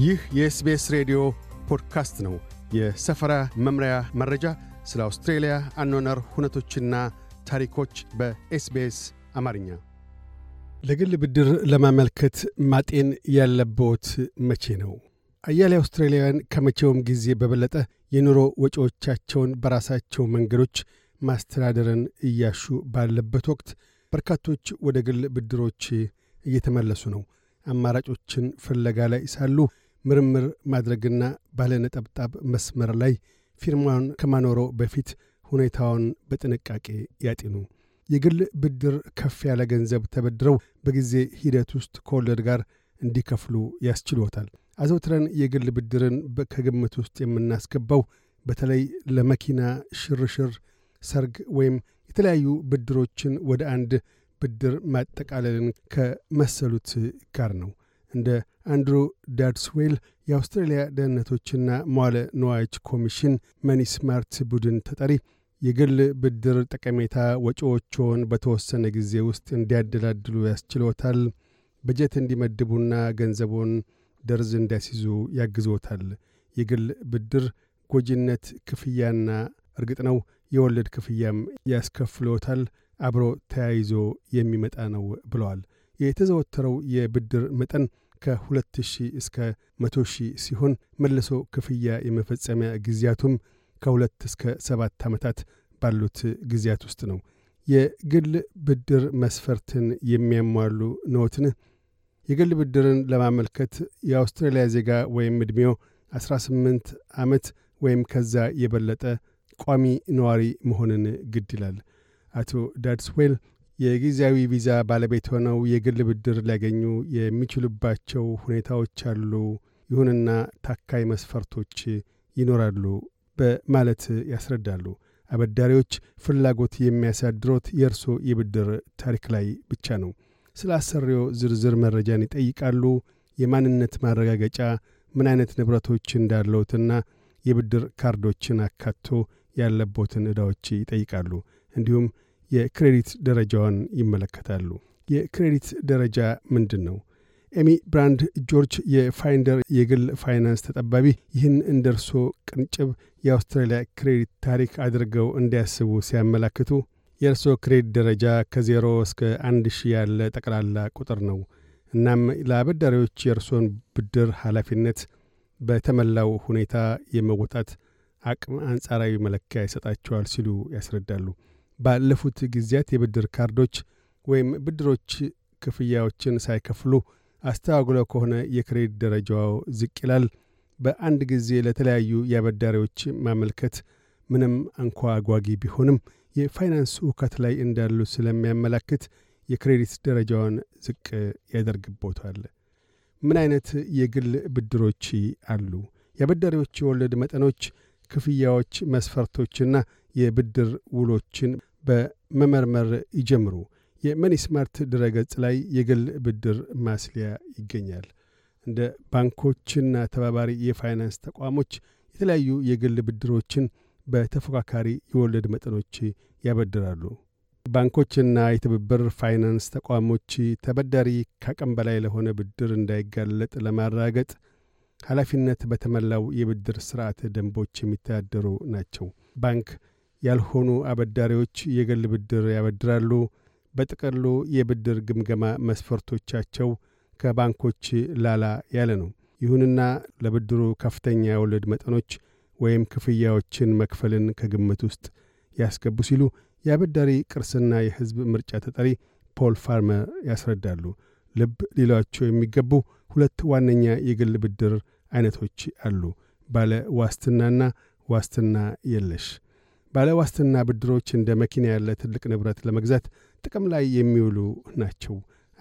ይህ የኤስቤስ ሬዲዮ ፖድካስት ነው። የሰፈራ መምሪያ መረጃ፣ ስለ አውስትሬልያ አኗነር ሁነቶችና ታሪኮች በኤስቤስ አማርኛ። ለግል ብድር ለማመልከት ማጤን ያለብዎት መቼ ነው? አያሌ አውስትራሊያውያን ከመቼውም ጊዜ በበለጠ የኑሮ ወጪዎቻቸውን በራሳቸው መንገዶች ማስተዳደርን እያሹ ባለበት ወቅት በርካቶች ወደ ግል ብድሮች እየተመለሱ ነው። አማራጮችን ፍለጋ ላይ ሳሉ ምርምር ማድረግና ባለነጠብጣብ መስመር ላይ ፊርማውን ከማኖሮ በፊት ሁኔታውን በጥንቃቄ ያጢኑ። የግል ብድር ከፍ ያለ ገንዘብ ተበድረው በጊዜ ሂደት ውስጥ ከወለድ ጋር እንዲከፍሉ ያስችሎታል። አዘውትረን የግል ብድርን ከግምት ውስጥ የምናስገባው በተለይ ለመኪና ሽርሽር፣ ሰርግ ወይም የተለያዩ ብድሮችን ወደ አንድ ብድር ማጠቃለልን ከመሰሉት ጋር ነው። እንደ አንድሩ ዳድስዌል የአውስትራሊያ ደህንነቶችና መዋለ ንዋዮች ኮሚሽን መኒስማርት ቡድን ተጠሪ የግል ብድር ጠቀሜታ ወጪዎችን በተወሰነ ጊዜ ውስጥ እንዲያደላድሉ ያስችሎታል። በጀት እንዲመድቡና ገንዘቡን ደርዝ እንዲያስይዙ ያግዞታል። የግል ብድር ጎጂነት ክፍያና እርግጥ ነው የወለድ ክፍያም ያስከፍሎታል። አብሮ ተያይዞ የሚመጣ ነው ብለዋል። የተዘወተረው የብድር መጠን ከ2000 እስከ 100000 ሲሆን መልሶ ክፍያ የመፈጸሚያ ጊዜያቱም ከ2 እስከ ሰባት ዓመታት ባሉት ጊዜያት ውስጥ ነው። የግል ብድር መስፈርትን የሚያሟሉ ኖትን የግል ብድርን ለማመልከት የአውስትራሊያ ዜጋ ወይም ዕድሜው 18 ዓመት ወይም ከዛ የበለጠ ቋሚ ነዋሪ መሆንን ግድ ይላል። አቶ ዳድስዌል የጊዜያዊ ቪዛ ባለቤት ሆነው የግል ብድር ሊያገኙ የሚችሉባቸው ሁኔታዎች አሉ። ይሁንና ታካይ መስፈርቶች ይኖራሉ በማለት ያስረዳሉ። አበዳሪዎች ፍላጎት የሚያሳድሮት የእርሶ የብድር ታሪክ ላይ ብቻ ነው። ስለ አሰሪዎ ዝርዝር መረጃን ይጠይቃሉ። የማንነት ማረጋገጫ፣ ምን አይነት ንብረቶች እንዳለዎትና የብድር ካርዶችን አካቶ ያለቦትን ዕዳዎች ይጠይቃሉ። እንዲሁም የክሬዲት ደረጃዋን ይመለከታሉ። የክሬዲት ደረጃ ምንድን ነው? ኤሚ ብራንድ ጆርጅ የፋይንደር የግል ፋይናንስ ተጠባቢ ይህን እንደ እርሶ ቅንጭብ የአውስትራሊያ ክሬዲት ታሪክ አድርገው እንዲያስቡ ሲያመላክቱ የእርሶ ክሬዲት ደረጃ ከዜሮ እስከ አንድ ሺህ ያለ ጠቅላላ ቁጥር ነው። እናም ለአበዳሪዎች የእርሶን ብድር ኃላፊነት በተመላው ሁኔታ የመወጣት አቅም አንጻራዊ መለኪያ ይሰጣቸዋል ሲሉ ያስረዳሉ። ባለፉት ጊዜያት የብድር ካርዶች ወይም ብድሮች ክፍያዎችን ሳይከፍሉ አስተጓጉለው ከሆነ የክሬዲት ደረጃው ዝቅ ይላል። በአንድ ጊዜ ለተለያዩ የአበዳሪዎች ማመልከት ምንም እንኳ አጓጊ ቢሆንም የፋይናንስ እውከት ላይ እንዳሉ ስለሚያመላክት የክሬዲት ደረጃውን ዝቅ ያደርግቦታል። ምን አይነት የግል ብድሮች አሉ? የአበዳሪዎች የወለድ መጠኖች፣ ክፍያዎች መስፈርቶችና የብድር ውሎችን በመመርመር ይጀምሩ። የመኒ ስማርት ድረገጽ ላይ የግል ብድር ማስሊያ ይገኛል። እንደ ባንኮችና ተባባሪ የፋይናንስ ተቋሞች የተለያዩ የግል ብድሮችን በተፎካካሪ የወለድ መጠኖች ያበድራሉ። ባንኮችና የትብብር ፋይናንስ ተቋሞች ተበዳሪ ከአቅም በላይ ለሆነ ብድር እንዳይጋለጥ ለማራገጥ ኃላፊነት በተሞላው የብድር ስርዓት ደንቦች የሚተዳደሩ ናቸው። ባንክ ያልሆኑ አበዳሪዎች የግል ብድር ያበድራሉ። በጥቅሉ የብድር ግምገማ መስፈርቶቻቸው ከባንኮች ላላ ያለ ነው። ይሁንና ለብድሩ ከፍተኛ የወለድ መጠኖች ወይም ክፍያዎችን መክፈልን ከግምት ውስጥ ያስገቡ ሲሉ የአበዳሪ ቅርስና የሕዝብ ምርጫ ተጠሪ ፖል ፋርመር ያስረዳሉ። ልብ ሊሏቸው የሚገቡ ሁለት ዋነኛ የግል ብድር አይነቶች አሉ፤ ባለ ዋስትናና ዋስትና የለሽ። ባለዋስትና ብድሮች እንደ መኪና ያለ ትልቅ ንብረት ለመግዛት ጥቅም ላይ የሚውሉ ናቸው።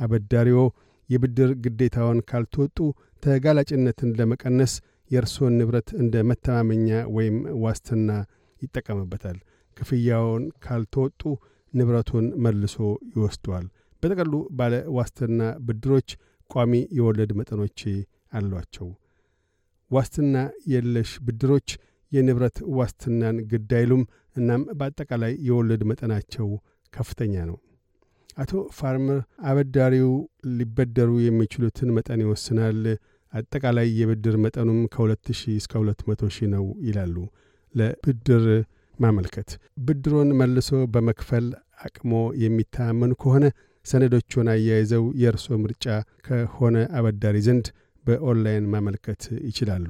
አበዳሪዎ የብድር ግዴታውን ካልተወጡ ተጋላጭነትን ለመቀነስ የእርስዎን ንብረት እንደ መተማመኛ ወይም ዋስትና ይጠቀምበታል። ክፍያውን ካልተወጡ ንብረቱን መልሶ ይወስደዋል። በጥቅሉ ባለ ዋስትና ብድሮች ቋሚ የወለድ መጠኖች አሏቸው። ዋስትና የለሽ ብድሮች የንብረት ዋስትናን ግድ አይሉም። እናም በአጠቃላይ የወለድ መጠናቸው ከፍተኛ ነው። አቶ ፋርመር አበዳሪው ሊበደሩ የሚችሉትን መጠን ይወስናል። አጠቃላይ የብድር መጠኑም ከ 2 እስከ 200 ሺህ ነው ይላሉ። ለብድር ማመልከት ብድሮን መልሶ በመክፈል አቅሞ የሚታመኑ ከሆነ ሰነዶቹን አያይዘው የእርሶ ምርጫ ከሆነ አበዳሪ ዘንድ በኦንላይን ማመልከት ይችላሉ።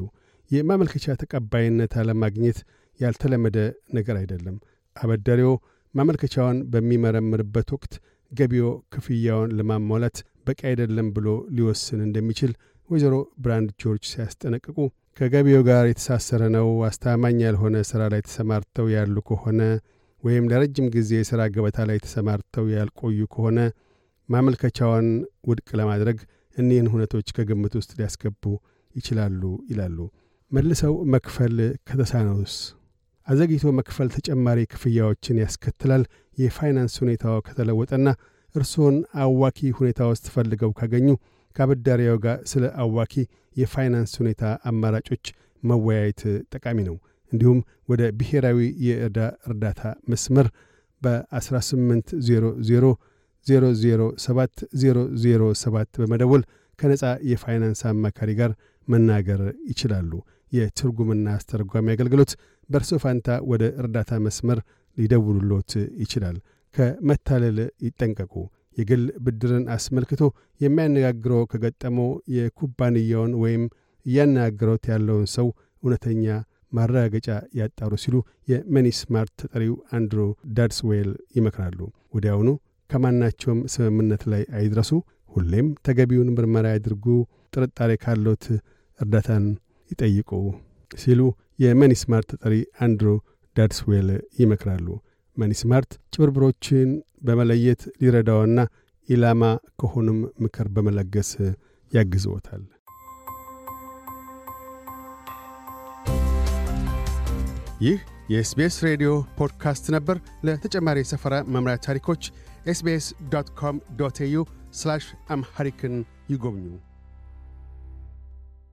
የማመልከቻ ተቀባይነት አለማግኘት ያልተለመደ ነገር አይደለም። አበዳሪው ማመልከቻውን በሚመረምርበት ወቅት ገቢው ክፍያውን ለማሟላት በቂ አይደለም ብሎ ሊወስን እንደሚችል ወይዘሮ ብራንድ ጆርጅ ሲያስጠነቅቁ ከገቢው ጋር የተሳሰረ ነው፣ አስተማማኝ ያልሆነ ሥራ ላይ ተሰማርተው ያሉ ከሆነ ወይም ለረጅም ጊዜ የሥራ ገበታ ላይ ተሰማርተው ያልቆዩ ከሆነ ማመልከቻውን ውድቅ ለማድረግ እኒህን ሁነቶች ከግምት ውስጥ ሊያስገቡ ይችላሉ ይላሉ። መልሰው መክፈል ከተሳነውስ? አዘግይቶ መክፈል ተጨማሪ ክፍያዎችን ያስከትላል። የፋይናንስ ሁኔታው ከተለወጠና እርስዎን አዋኪ ሁኔታ ውስጥ ፈልገው ካገኙ ከአበዳሪያው ጋር ስለ አዋኪ የፋይናንስ ሁኔታ አማራጮች መወያየት ጠቃሚ ነው። እንዲሁም ወደ ብሔራዊ የዕዳ እርዳታ መስመር በ1800 007 በመደወል ከነፃ የፋይናንስ አማካሪ ጋር መናገር ይችላሉ። የትርጉምና አስተርጓሚ አገልግሎት በእርሶ ፋንታ ወደ እርዳታ መስመር ሊደውሉሎት ይችላል። ከመታለል ይጠንቀቁ። የግል ብድርን አስመልክቶ የሚያነጋግረው ከገጠመው የኩባንያውን ወይም እያነጋግረውት ያለውን ሰው እውነተኛ ማረጋገጫ ያጣሩ ሲሉ የመኒስማርት ተጠሪው አንድሮ ዳድስዌል ይመክራሉ። ወዲያውኑ ከማናቸውም ስምምነት ላይ አይድረሱ። ሁሌም ተገቢውን ምርመራ ያድርጉ። ጥርጣሬ ካሎት እርዳታን ይጠይቁ ሲሉ የመኒስማርት ተጠሪ አንድሮ ዳድስዌል ይመክራሉ። መኒስማርት ጭብርብሮችን በመለየት ሊረዳውና ኢላማ ከሆኑም ምክር በመለገስ ያግዝዎታል። ይህ የኤስቤስ ሬዲዮ ፖድካስት ነበር። ለተጨማሪ የሰፈራ መምሪያት ታሪኮች ኤስቤስ ዶት ኮም ዶት ኤዩ አምሐሪክን ይጎብኙ።